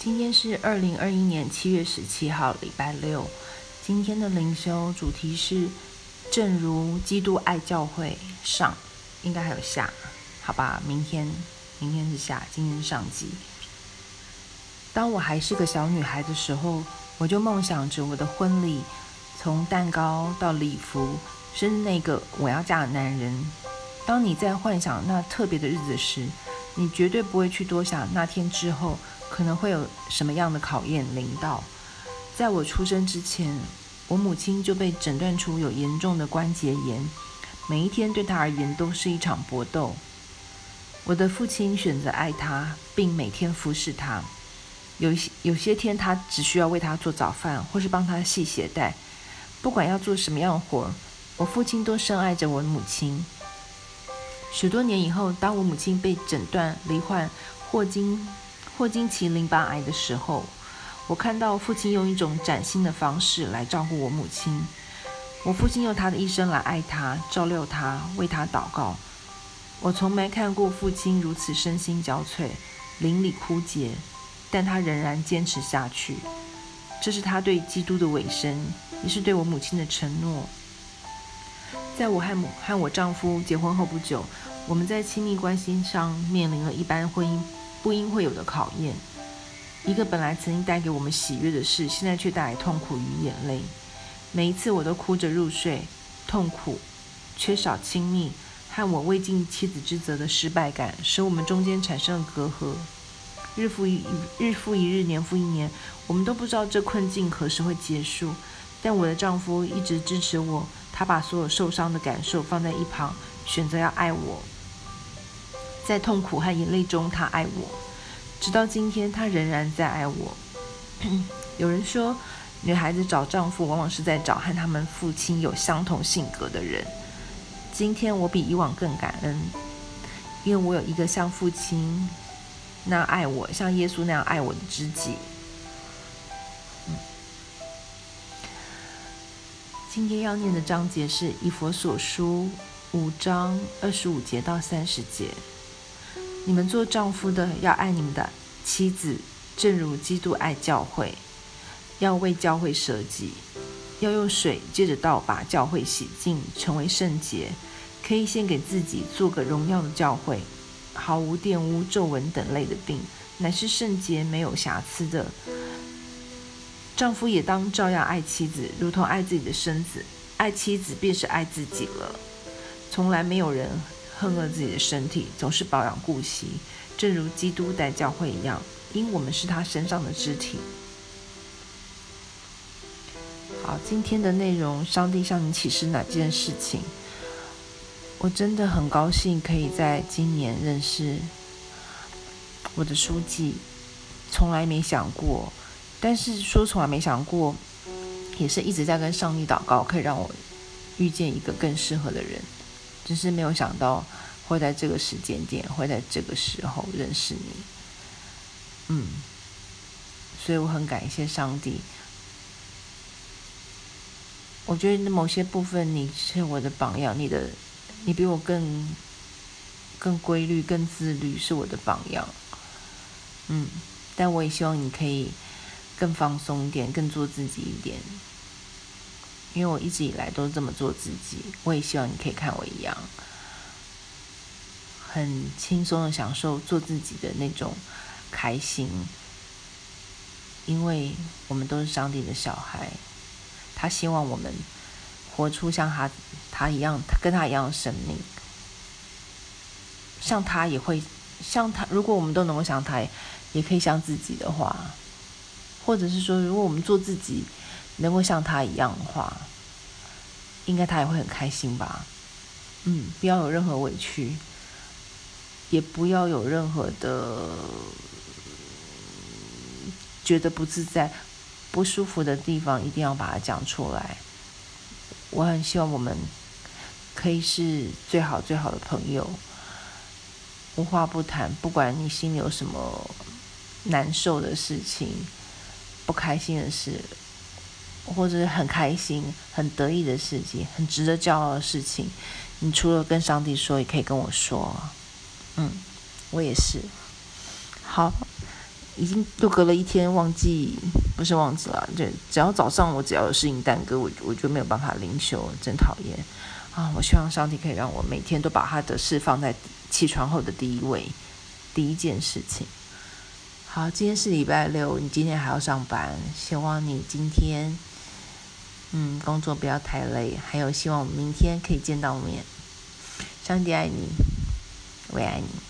今天是二零二一年七月十七號，禮拜六。今天的靈修主題是“正如基督愛教會”上，應該還有下，好吧？明天，明天是下，今天是上集。當我還是個小女孩的時候，我就夢想着我的婚禮，從蛋糕到禮服，甚至那個我要嫁的男人。當你在幻想那特別的日子時，你絕對不會去多想那天之後。可能會有什麼樣的考驗臨到。在我出生之前，我母親就被診斷出有嚴重的關節炎，每一天對她而言都是一場搏鬥。我的父親選擇愛她，並每天服侍她。有些有些天，他只需要為她做早飯，或是幫她繫鞋帶。不管要做什麼樣的活，我父親都深愛着我母親。許多年以後，當我母親被診斷罹患霍金。霍奇金淋巴癌的時候，我看到父親用一種嶄新的方式來照顧我母親。我父親用他的一生來愛她、照料她、為她禱告。我從沒看過父親如此身心交瘁、靈裡枯竭，但他仍然堅持下去。這是他對基督的委身，也是對我母親的承諾。在我和母和我丈夫結婚後不久，我們在親密關係上面臨了一般婚姻，不應會有的考驗，一個本來曾經帶給我們喜悅的事，現在卻帶來痛苦與眼淚。每一次我都哭着入睡，痛苦、缺少親密和我未盡妻子之責的失敗感，使我們中間產生了隔閡。日復一日，日復一日，年復一年，我們都不知道這困境何時會結束。但我的丈夫一直支持我，他把所有受傷的感受放在一旁，選擇要愛我。在痛苦和眼淚中，他愛我，直到今天，他仍然在愛我。 有人說，女孩子找丈夫往往是在找和他們父親有相同性格的人。今天我比以往更感恩，因為我有一個像父親那樣愛我、像耶穌那樣愛我的知己。嗯、今天要念的章節是《以弗所書》五章二十五節到三十節。你們做丈夫的要愛你們的妻子，正如基督愛教會，要為教會捨己，要用水藉著道把教會洗淨，成為聖潔。可以獻給自己做個榮耀的教會，毫無玷污、皺紋等類的病，乃是聖潔、沒有瑕疵的。丈夫也當照樣愛妻子，如同愛自己的身子，愛妻子便是愛自己了。從來沒有人恨惡自己的身體，總是保養顧惜，正如基督待教會一樣，因為我們是他身上的肢體。好，今天的內容，上帝向你啟示哪件事情？我真的很高興可以在今年認識我的書記，從來沒想過，但是說從來沒想過，也是一直在跟上帝禱告，可以讓我遇見一個更適合的人。只是沒有想到會在這個時間點，會在這個時候認識你。嗯，所以我很感謝上帝。我覺得某些部分你是我的榜樣，你的你比我更更規律、更自律，是我的榜樣。嗯，但我也希望你可以更放鬆一點，更做自己一點。因為我一直以來都是這麼做自己，我也希望你可以看我一樣，很輕鬆的享受做自己的那種開心。因為我們都是上帝的小孩，他希望我們活出像他他一樣，他跟他一樣的生命，像他也會像他。如果我們都能夠像他，也可以像自己的話，或者是說，如果我們做自己，能夠像他一樣的話，應該他也會很開心吧？嗯，不要有任何委屈，也不要有任何的覺得不自在、不舒服的地方，一定要把它講出來。我很希望我們可以是最好最好的朋友，無話不談，不管你心裡有什麼難受的事情、不開心的事。或者是很開心、很得意的事情、很值得驕傲的事情，你除了跟上帝說，也可以跟我說。嗯，我也是。好，已經又隔了一天，忘記不是忘記了，對，就只要早上我只要有事情耽擱，我我就沒有辦法靈修，真討厭啊！我希望上帝可以讓我每天都把他的事放在起床後的第一位，第一件事情。好，今天是禮拜六，你今天還要上班，希望你今天。嗯，工作不要太累，還有希望我們明天可以見到面。上帝愛你，我也愛你。